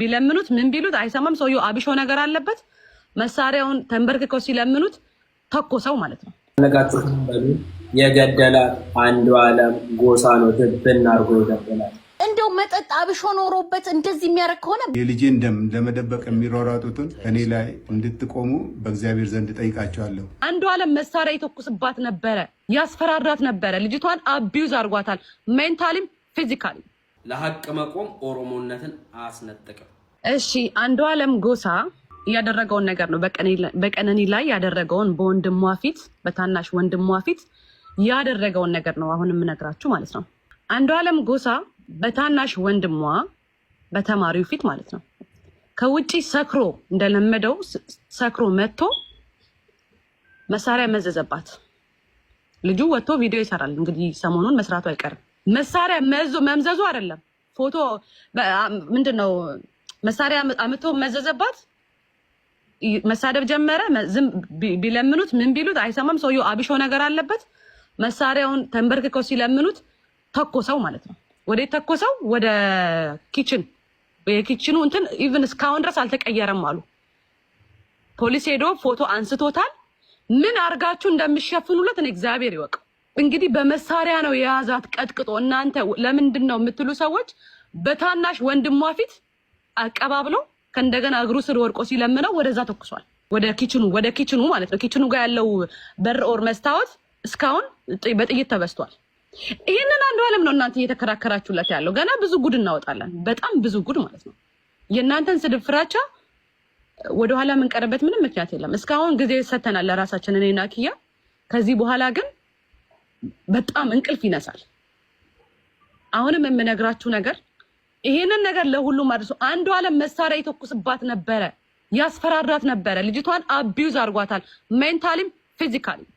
ቢለምኑት ምን ቢሉት አይሰማም። ሰውየው አብሾ ነገር አለበት። መሳሪያውን ተንበርክከው ሲለምኑት ተኮሰው ማለት ነው። የገደላ አንዱ አለም ጎሳ ነው። ትብን አርጎ ይገደላል። እንደው መጠጥ አብሾ ኖሮበት እንደዚህ የሚያደርግ ከሆነ የልጄን ደም ለመደበቅ የሚሯሯጡትን እኔ ላይ እንድትቆሙ በእግዚአብሔር ዘንድ ጠይቃቸዋለሁ። አንዱ አለም መሳሪያ የተኩስባት ነበረ፣ ያስፈራራት ነበረ። ልጅቷን አቢዩዝ አድርጓታል፣ ሜንታሊም ፊዚካሊም ለሀቅ መቆም ኦሮሞነትን አያስነጥቅም። እሺ አንዱ አለም ጎሳ ያደረገውን ነገር ነው። በቀነኒ ላይ ያደረገውን በወንድሟ ፊት በታናሽ ወንድሟ ፊት ያደረገውን ነገር ነው አሁን የምነግራችሁ ማለት ነው። አንዱ አለም ጎሳ በታናሽ ወንድሟ በተማሪው ፊት ማለት ነው ከውጭ ሰክሮ እንደለመደው ሰክሮ መጥቶ መሳሪያ መዘዘባት። ልጁ ወጥቶ ቪዲዮ ይሰራል። እንግዲህ ሰሞኑን መስራቱ አይቀርም። መሳሪያ መዞ መምዘዙ አይደለም ፎቶ ምንድን ነው መሳሪያ አምቶ መዘዘባት። መሳደብ ጀመረ። ዝም ቢለምኑት ምን ቢሉት አይሰማም። ሰውየው አብሾ ነገር አለበት። መሳሪያውን ተንበርክከው ሲለምኑት ተኮሰው ማለት ነው። ወደ ተኮሰው ወደ ኪችን የኪችኑ እንትን ኢቭን እስካሁን ድረስ አልተቀየረም አሉ። ፖሊስ ሄዶ ፎቶ አንስቶታል። ምን አርጋችሁ እንደምሸፍኑለት እኔ እግዚአብሔር ይወቅ። እንግዲህ በመሳሪያ ነው የያዛት ቀጥቅጦ። እናንተ ለምንድን ነው የምትሉ ሰዎች በታናሽ ወንድሟ ፊት አቀባብሎ ከእንደገና እግሩ ስር ወድቆ ሲለምነው ወደዛ ተኩሷል። ወደ ኪችኑ ወደ ኪችኑ ማለት ነው። ኪችኑ ጋር ያለው በር ኦር መስታወት እስካሁን በጥይት ተበስቷል። ይህንን አንዱ አለም ነው እናንተ እየተከራከራችሁለት ያለው። ገና ብዙ ጉድ እናወጣለን፣ በጣም ብዙ ጉድ ማለት ነው። የእናንተን ስድብ ፍራቻ ወደኋላ የምንቀርበት ምንም ምክንያት የለም። እስካሁን ጊዜ ሰተናል ለራሳችን፣ እኔና ኪያ። ከዚህ በኋላ ግን በጣም እንቅልፍ ይነሳል። አሁንም የምነግራችሁ ነገር ይሄንን ነገር ለሁሉም አድርሶ አንዱ አለም መሳሪያ የተኩስባት ነበረ፣ ያስፈራራት ነበረ። ልጅቷን አቢዩዝ አድርጓታል፣ ሜንታሊም ፊዚካሊም።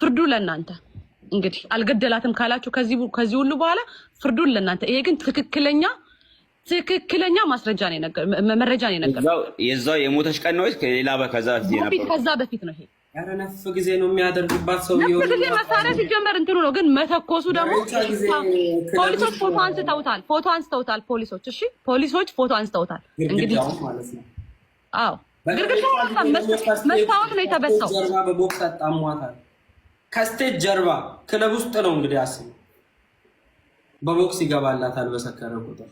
ፍርዱ ለእናንተ እንግዲህ። አልገደላትም ካላችሁ ከዚህ ሁሉ በኋላ ፍርዱን ለእናንተ። ይሄ ግን ትክክለኛ ትክክለኛ ማስረጃ ነው፣ መረጃ ነው የነገርኩት። የዛው የሞተች ቀን ነው ወይስ ከዛ በፊት ነው? ይሄ ያረነፍ ጊዜ ነው የሚያደርግባት ሰው ነፍ ጊዜ መሳሪያ ሲጀመር እንትኑ ነው። ግን መተኮሱ ደግሞ ፖሊሶች ፎቶ አንስተውታል። ፎቶ አንስተውታል ፖሊሶች። እሺ ፖሊሶች ፎቶ አንስተውታል። እንግዲህ አዎ፣ ግድግዳ መስታወት ነው የተበሳው። ጀርባ በቦክስ አጣሟታል። ከስቴጅ ጀርባ ክለብ ውስጥ ነው እንግዲህ አስ በቦክስ ይገባላታል በሰከረ ቁጥር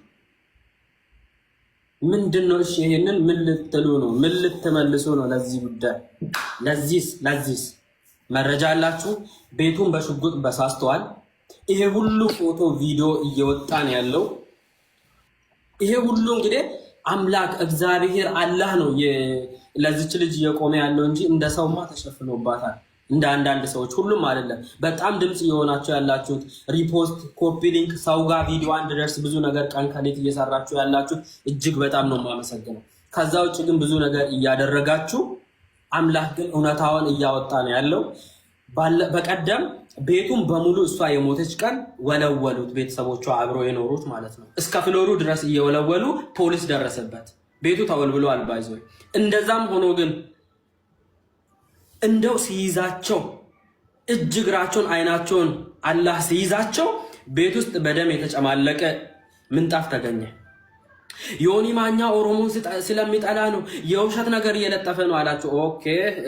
ምንድን ነው? እሺ ይሄንን ምን ልትሉ ነው? ምን ልትመልሱ ነው? ለዚህ ጉዳይ ለዚህስ ለዚህስ መረጃ አላችሁ? ቤቱን በሽጉጥ በሳስተዋል። ይሄ ሁሉ ፎቶ ቪዲዮ እየወጣ ነው ያለው። ይሄ ሁሉ እንግዲህ አምላክ እግዚአብሔር አላህ ነው ለዚች ልጅ እየቆመ ያለው እንጂ እንደ ሰውማ ተሸፍኖባታል። እንደ አንዳንድ ሰዎች ሁሉም አይደለም። በጣም ድምፅ እየሆናችሁ ያላችሁት ሪፖስት፣ ኮፒ ሊንክ፣ ሰው ጋር ቪዲዮ አንድ ደርስ ብዙ ነገር ቀን ከሌት እየሰራችሁ ያላችሁት እጅግ በጣም ነው የማመሰግነው። ከዛ ውጭ ግን ብዙ ነገር እያደረጋችሁ አምላክ ግን እውነታውን እያወጣ ነው ያለው። በቀደም ቤቱን በሙሉ እሷ የሞተች ቀን ወለወሉት፣ ቤተሰቦቿ አብረው የኖሩት ማለት ነው። እስከ ፍሎሩ ድረስ እየወለወሉ ፖሊስ ደረሰበት። ቤቱ ተወልብሎ አልባይዞ እንደዛም ሆኖ ግን እንደው ሲይዛቸው እጅ እግራቸውን አይናቸውን አላህ ሲይዛቸው ቤት ውስጥ በደም የተጨማለቀ ምንጣፍ ተገኘ። ዮኒ ማኛ ኦሮሞን ስለሚጠላ ነው የውሸት ነገር እየለጠፈ ነው አላቸው። ኦኬ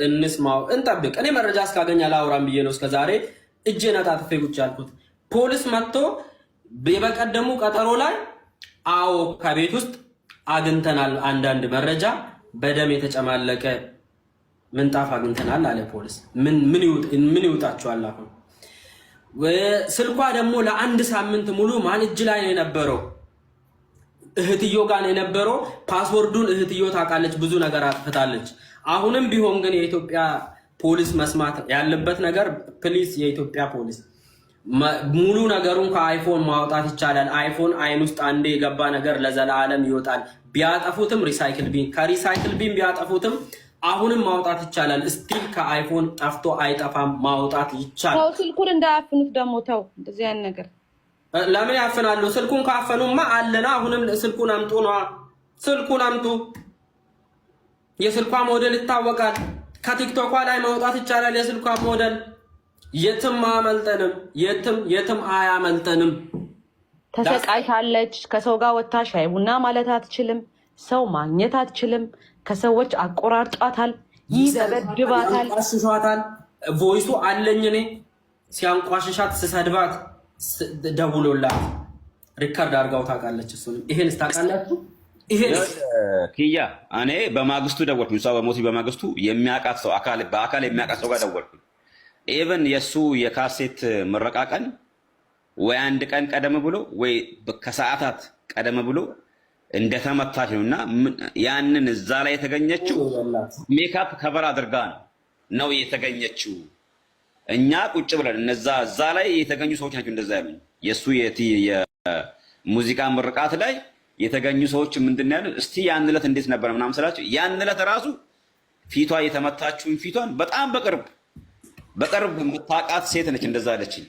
እንስማው፣ እንጠብቅ። እኔ መረጃ እስካገኝ አላውራም ብዬ ነው እስከዛሬ እጄን አጣጥፌ ቁጭ ያልኩት። ፖሊስ መጥቶ የበቀደሙ ቀጠሮ ላይ አዎ ከቤት ውስጥ አግኝተናል አንዳንድ መረጃ በደም የተጨማለቀ ምንጣፍ አግኝተናል አለ ፖሊስ። ምን ይውጣችኋል? አሁን ስልኳ ደግሞ ለአንድ ሳምንት ሙሉ ማን እጅ ላይ ነው የነበረው? እህትዮ ጋር ነው የነበረው። ፓስወርዱን እህትዮ ታውቃለች፣ ብዙ ነገር አጥፍታለች። አሁንም ቢሆን ግን የኢትዮጵያ ፖሊስ መስማት ያለበት ነገር ፕሊስ፣ የኢትዮጵያ ፖሊስ ሙሉ ነገሩን ከአይፎን ማውጣት ይቻላል። አይፎን አይን ውስጥ አንዴ የገባ ነገር ለዘላለም ይወጣል። ቢያጠፉትም ሪሳይክል ቢን ከሪሳይክል ቢን ቢያጠፉትም አሁንም ማውጣት ይቻላል። ስቲል ከአይፎን ጠፍቶ አይጠፋም፣ ማውጣት ይቻላል። ስልኩን እንዳያፍኑት ደግሞ ተው። እንደዚህ አይነት ነገር ለምን ያፍናሉ? ስልኩን ካፈኑማ አለና አሁንም ስልኩን አምጡ ነዋ። ስልኩን አምጡ። የስልኳ ሞዴል ይታወቃል። ከቲክቶኳ ላይ ማውጣት ይቻላል። የስልኳ ሞዴል የትም አያመልጠንም፣ የትም የትም አያመልጠንም። ተሰቃይታለች። ከሰው ጋር ወታ ሻይ ቡና ማለት አትችልም። ሰው ማግኘት አትችልም። ከሰዎች አቆራርጧታል፣ ይዘበድባታል፣ ያንቋሽሿታል። ቮይሱ አለኝ እኔ ሲያንቋሽሻት ስሰድባት ደውሎላት ሪከርድ አድርጋው ታውቃለች። እሱንም ይሄን ስታውቃላችሁ ክያ እኔ በማግስቱ ደወልኩ። እሷ በሞቲ በማግስቱ የሚያውቃት ሰው በአካል የሚያውቃት ሰው ጋር ደወልኩ። ኢቨን የእሱ የካሴት ምረቃ ቀን ወይ አንድ ቀን ቀደም ብሎ ወይ ከሰዓታት ቀደም ብሎ እንደተመታች ነው እና ያንን እዛ ላይ የተገኘችው ሜካፕ ከበር አድርጋ ነው ነው የተገኘችው። እኛ ቁጭ ብለን እነዛ እዛ ላይ የተገኙ ሰዎች ናቸው እንደዛ ያሉኝ። የእሱ የሙዚቃ ምርቃት ላይ የተገኙ ሰዎች ምንድን ነው ያሉት? እስቲ ያን ዕለት እንዴት ነበር ምናምን ስላቸው ያን ዕለት ራሱ ፊቷ የተመታችውን ፊቷን በጣም በቅርብ በቅርብ የምታውቃት ሴት ነች እንደዛ አለችኝ።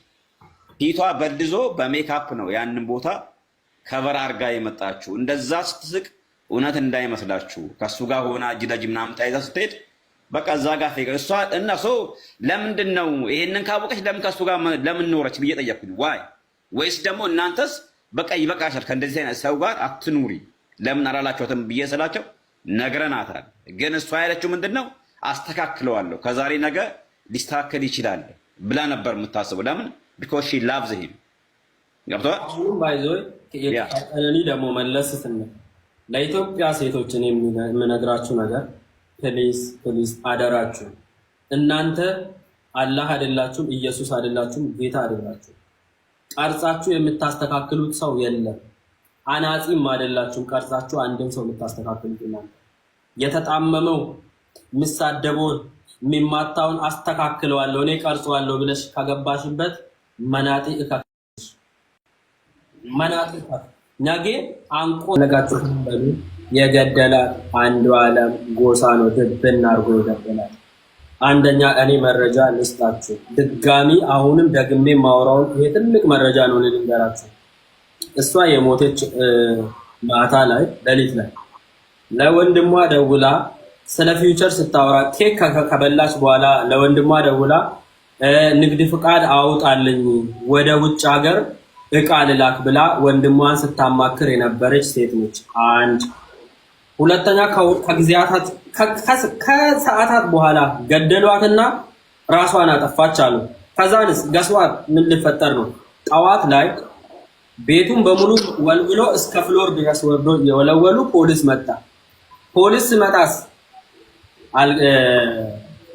ፊቷ በልዞ በሜካፕ ነው ያንን ቦታ ከበር አርጋ የመጣችሁ እንደዛ ስትስቅ እውነት እንዳይመስላችሁ ከእሱ ጋር ሆና እጅ ለእጅ ምናምን ተያይዛ ስትሄድ በቃ እዛ ጋር ፌቀ እሷ እነሱ ለምንድን ነው ይሄንን ካወቀች ለምን ከእሱ ጋር ለምን ኖረች ብዬ ጠየኩኝ። ዋይ ወይስ ደግሞ እናንተስ በቃ ይበቃሻል ከእንደዚህ አይነት ሰው ጋር አትኑሪ ለምን አላላችኋትም ብዬ ስላቸው ነግረናታል፣ ግን እሷ ያለችው ምንድን ነው አስተካክለዋለሁ ከዛሬ ነገ ሊስተካከል ይችላል ብላ ነበር የምታስበው። ለምን ቢኮዝ ሺ ላቭዝ ሂም ገብቶሃል። ቀነኒ ደግሞ መለስ ስንል ለኢትዮጵያ ሴቶችን የምነግራችሁ ነገር ፕሊስ ፕሊስ አደራችሁ፣ እናንተ አላህ አይደላችሁም፣ ኢየሱስ አይደላችሁም፣ ጌታ አይደላችሁም። ቀርጻችሁ የምታስተካክሉት ሰው የለም። አናጺም አይደላችሁም። ቀርጻችሁ አንድም ሰው የምታስተካክሉት እናንተ የተጣመመው የሚሳደበውን የሚማታውን አስተካክለዋለሁ እኔ ቀርጸዋለሁ ብለሽ ከገባሽበት መናጢ እከ መናጥፋ አንቆ ነጋችሁ የገደላት አንዱ ዓለም ጎሳ ነው። ድብን አድርጎ የገደላት አንደኛ እኔ መረጃ ልስጣችሁ። ድጋሚ አሁንም ደግሜ ማውራውን ይሄ ትልቅ መረጃ ነው ልንገራችሁ። እሷ የሞተች ማታ ላይ ሌሊት ላይ ለወንድሟ ደውላ ስለ ፊውቸር ስታወራ ኬክ ከበላች በኋላ ለወንድሟ ደውላ ንግድ ፍቃድ አውጣልኝ ወደ ውጭ ሀገር እቃ ልላክ ብላ ወንድሟን ስታማክር የነበረች ሴት ነች። አንድ ሁለተኛ ከጊዜያታት ከሰዓታት በኋላ ገደሏትና ራሷን አጠፋች አሉ። ከዛንስ ገስዋት ምን ልፈጠር ነው? ጠዋት ላይ ቤቱን በሙሉ ወልብሎ እስከ ፍሎር ድረስ ወርዶ የወለወሉ ፖሊስ መጣ። ፖሊስ መጣስ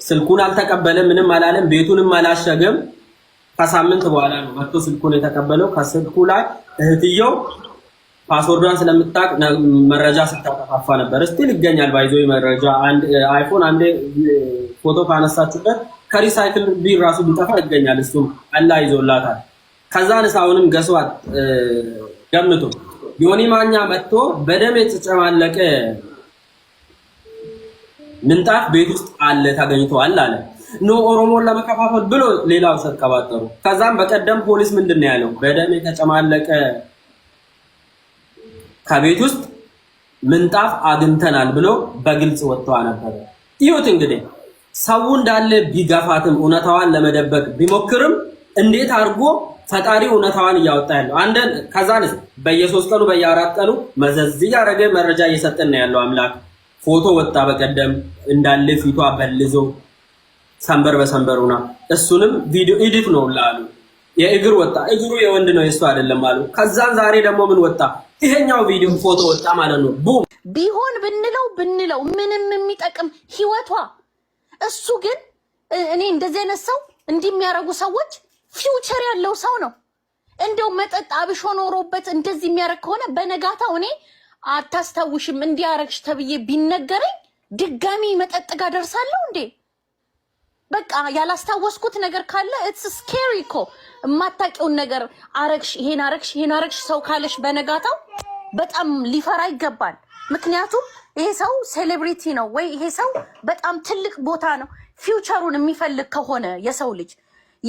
ስልኩን አልተቀበለም፣ ምንም አላለም፣ ቤቱንም አላሸገም። ከሳምንት በኋላ ነው መጥቶ ስልኩን የተቀበለው። ከስልኩ ላይ እህትየው ፓስወርዷን ስለምታቅ መረጃ ስታጠፋፋ ነበር። እስቲል ይገኛል ባይዞ መረጃ አይፎን አንዴ ፎቶ ካነሳችበት ከሪሳይክል ቢ ራሱ ቢጠፋ ይገኛል። እሱም አላ ይዞላታል። ከዛ ንስ አሁንም ገስዋት ገምቶ ዮኒ ማኛ መጥቶ በደም የተጨማለቀ ምንጣፍ ቤት ውስጥ አለ ተገኝተዋል አለ። ኖ ኦሮሞን ለመከፋፈል ብሎ ሌላ ውሸት ቀባጠሩ። ከዛም በቀደም ፖሊስ ምንድን ነው ያለው? በደም የተጨማለቀ ከቤት ውስጥ ምንጣፍ አግኝተናል ብሎ በግልጽ ወጥቷ ነበረ። ይሁት እንግዲህ ሰው እንዳለ ቢገፋትም እውነታዋን ለመደበቅ ቢሞክርም እንዴት አድርጎ ፈጣሪ እውነታዋን እያወጣ ያለው አንደ ከዛ በየሶስት ቀኑ በየአራት ቀኑ መዘዝ እያደረገ መረጃ እየሰጠን ያለው አምላክ። ፎቶ ወጣ በቀደም እንዳለ ፊቷ በልዞ ሰንበር በሰንበር ሆና እሱንም ቪዲዮ ኢዲት ነው ላሉ የእግር ወጣ እግሩ የወንድ ነው የእሱ አይደለም አሉ። ከዛን ዛሬ ደግሞ ምን ወጣ? ይሄኛው ቪዲዮ ፎቶ ወጣ ማለት ነው። ቡም ቢሆን ብንለው ብንለው ምንም የሚጠቅም ህይወቷ እሱ ግን እኔ እንደዚህ አይነት ሰው እንዲህ የሚያደርጉ ሰዎች ፊውቸር ያለው ሰው ነው። እንደው መጠጥ አብሾ ኖሮበት እንደዚህ የሚያደርግ ከሆነ በነጋታው እኔ አታስታውሽም እንዲያረግሽ ተብዬ ቢነገረኝ ድጋሚ መጠጥ ጋር ደርሳለሁ እንዴ? በቃ ያላስታወስኩት ነገር ካለ ኢትስ ስኬሪ እኮ የማታውቂውን ነገር አረግሽ፣ ይሄን አረግሽ፣ ይሄን አረግሽ ሰው ካለሽ በነጋታው በጣም ሊፈራ ይገባል። ምክንያቱም ይሄ ሰው ሴሌብሪቲ ነው ወይ ይሄ ሰው በጣም ትልቅ ቦታ ነው። ፊውቸሩን የሚፈልግ ከሆነ የሰው ልጅ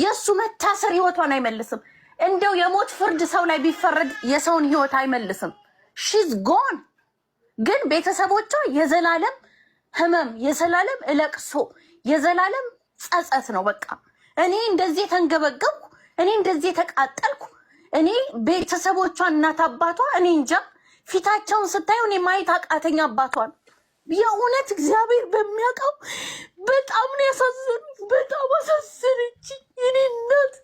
የእሱ መታሰር ህይወቷን አይመልስም። እንደው የሞት ፍርድ ሰው ላይ ቢፈረድ የሰውን ህይወት አይመልስም። ሺዝ ጎን ግን ቤተሰቦቿ የዘላለም ህመም፣ የዘላለም እለቅሶ፣ የዘላለም ጸጸት ነው። በቃ እኔ እንደዚህ የተንገበገብኩ፣ እኔ እንደዚህ የተቃጠልኩ፣ እኔ ቤተሰቦቿ እናት አባቷ እኔ እንጃ ፊታቸውን ስታየው እኔ ማየት አቃተኝ አባቷን። የእውነት እግዚአብሔር በሚያውቀው በጣም ነው ያሳዘኑት። በጣም አሳዘነች እኔ እናት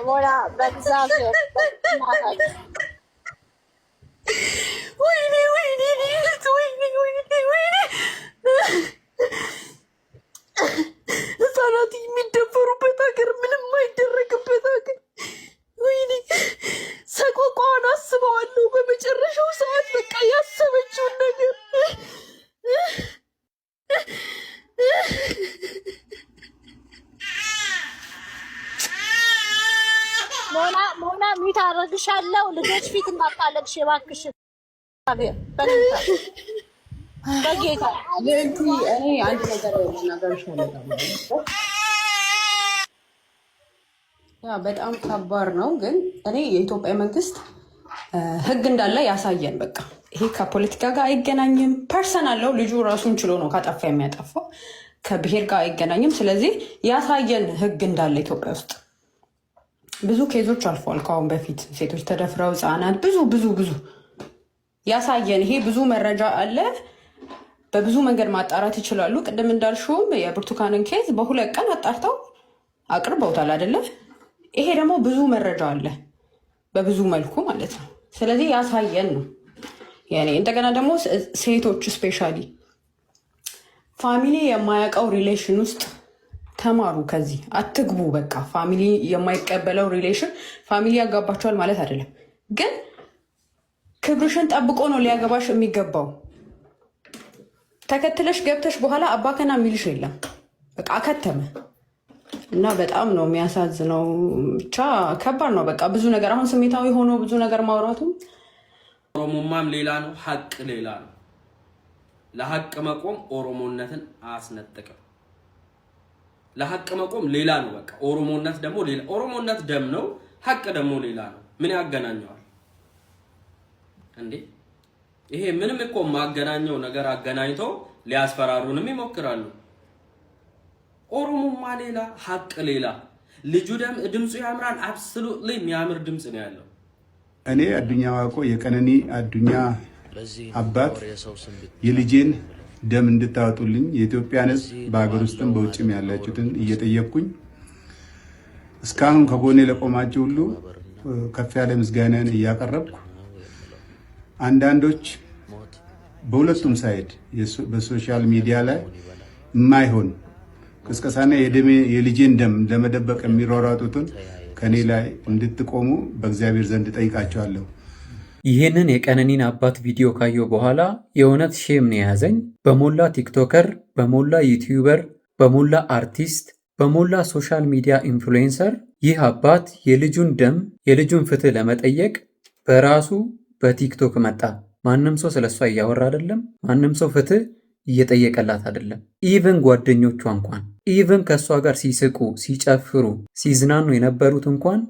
አሞራ በእግዚአብሔር እባክሽ እባክሽ በጌታ እኔ አንድ ነገር ልናገርሽ በጣም ከባድ ነው፣ ግን እኔ የኢትዮጵያ መንግስት ህግ እንዳለ ያሳየን። በቃ ይሄ ከፖለቲካ ጋር አይገናኝም። ፐርሰናል ነው። ልጁ ራሱን ችሎ ነው ካጠፋ የሚያጠፋው፣ ከብሄር ጋር አይገናኝም። ስለዚህ ያሳየን ህግ እንዳለ ኢትዮጵያ ውስጥ ብዙ ኬዞች አልፏል። ከአሁን በፊት ሴቶች ተደፍረው ህጻናት ብዙ ብዙ ብዙ ያሳየን ይሄ ብዙ መረጃ አለ። በብዙ መንገድ ማጣራት ይችላሉ። ቅድም እንዳልሽውም የብርቱካንን ኬዝ በሁለት ቀን አጣርተው አቅርበውታል አይደለ? ይሄ ደግሞ ብዙ መረጃ አለ፣ በብዙ መልኩ ማለት ነው። ስለዚህ ያሳየን ነው የኔ። እንደገና ደግሞ ሴቶች ስፔሻሊ ፋሚሊ የማያውቀው ሪሌሽን ውስጥ ተማሩ ከዚህ አትግቡ። በቃ ፋሚሊ የማይቀበለው ሪሌሽን ፋሚሊ ያጋባቸዋል ማለት አይደለም፣ ግን ክብርሽን ጠብቆ ነው ሊያገባሽ የሚገባው። ተከትለሽ ገብተሽ በኋላ አባከና የሚልሽ የለም። በቃ አከተመ እና በጣም ነው የሚያሳዝነው። ብቻ ከባድ ነው። በቃ ብዙ ነገር አሁን ስሜታዊ ሆኖ ብዙ ነገር ማውራቱ ኦሮሞማም ሌላ ነው፣ ሀቅ ሌላ ነው። ለሀቅ መቆም ኦሮሞነትን አያስነጥቅም። ለሀቅ መቆም ሌላ ነው። በቃ ኦሮሞነት ደግሞ ሌላ ኦሮሞነት ደም ነው፣ ሀቅ ደግሞ ሌላ ነው። ምን ያገናኘዋል እንዴ? ይሄ ምንም እኮ ማገናኘው ነገር አገናኝተው ሊያስፈራሩንም ይሞክራሉ። ኦሮሞማ ሌላ፣ ሀቅ ሌላ። ልጁ ደም ድምፁ ያምራል። አብሶሉትሊ የሚያምር ድምፅ ነው ያለው። እኔ አዱኛ ዋቆ የቀነኒ አዱኛ አባት የልጄን ደም እንድታወጡልኝ የኢትዮጵያን ሕዝብ በሀገር ውስጥም በውጭም ያላችሁትን እየጠየቅኩኝ እስካሁን ከጎኔ ለቆማችሁ ሁሉ ከፍ ያለ ምስጋናን እያቀረብኩ አንዳንዶች በሁለቱም ሳይድ በሶሻል ሚዲያ ላይ የማይሆን ቅስቀሳና የልጄን ደም ለመደበቅ የሚሯሯጡትን ከኔ ላይ እንድትቆሙ በእግዚአብሔር ዘንድ ጠይቃቸዋለሁ። ይህንን የቀነኒን አባት ቪዲዮ ካየው በኋላ የእውነት ሼም ነው የያዘኝ። በሞላ ቲክቶከር፣ በሞላ ዩቲዩበር፣ በሞላ አርቲስት፣ በሞላ ሶሻል ሚዲያ ኢንፍሉዌንሰር ይህ አባት የልጁን ደም የልጁን ፍትህ ለመጠየቅ በራሱ በቲክቶክ መጣ። ማንም ሰው ስለሷ እያወራ አይደለም። ማንም ሰው ፍትህ እየጠየቀላት አይደለም። ኢቨን ጓደኞቿ እንኳን ኢቨን ከእሷ ጋር ሲስቁ፣ ሲጨፍሩ፣ ሲዝናኑ የነበሩት እንኳን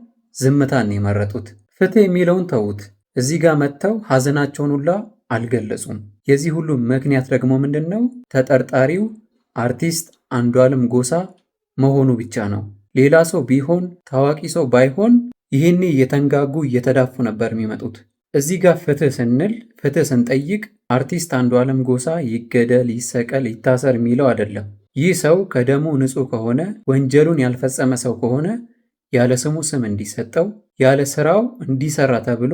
ዝምታን የመረጡት። ፍትህ የሚለውን ተዉት። እዚህ ጋር መጥተው ሀዘናቸውን ሁላ አልገለጹም። የዚህ ሁሉ ምክንያት ደግሞ ምንድን ነው? ተጠርጣሪው አርቲስት አንዷለም ጎሳ መሆኑ ብቻ ነው። ሌላ ሰው ቢሆን ታዋቂ ሰው ባይሆን ይህን እየተንጋጉ እየተዳፉ ነበር የሚመጡት። እዚህ ጋር ፍትህ ስንል ፍትህ ስንጠይቅ አርቲስት አንዷለም ጎሳ ይገደል፣ ይሰቀል፣ ይታሰር የሚለው አይደለም። ይህ ሰው ከደሙ ንጹህ ከሆነ ወንጀሉን ያልፈጸመ ሰው ከሆነ ያለ ስሙ ስም እንዲሰጠው ያለ ስራው እንዲሰራ ተብሎ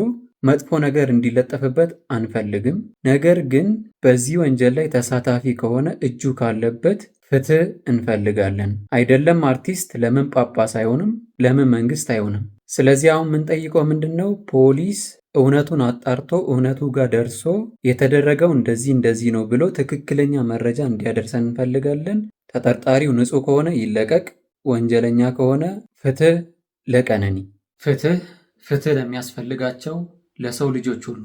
መጥፎ ነገር እንዲለጠፍበት አንፈልግም። ነገር ግን በዚህ ወንጀል ላይ ተሳታፊ ከሆነ እጁ ካለበት ፍትህ እንፈልጋለን። አይደለም አርቲስት ለምን ጳጳስ አይሆንም? ለምን መንግስት አይሆንም? ስለዚህ አሁን የምንጠይቀው ምንድን ነው? ፖሊስ እውነቱን አጣርቶ እውነቱ ጋር ደርሶ የተደረገው እንደዚህ እንደዚህ ነው ብሎ ትክክለኛ መረጃ እንዲያደርሰን እንፈልጋለን። ተጠርጣሪው ንጹህ ከሆነ ይለቀቅ፣ ወንጀለኛ ከሆነ ፍትህ ለቀነኒ፣ ፍትህ ፍትህ ለሚያስፈልጋቸው ለሰው ልጆች ሁሉ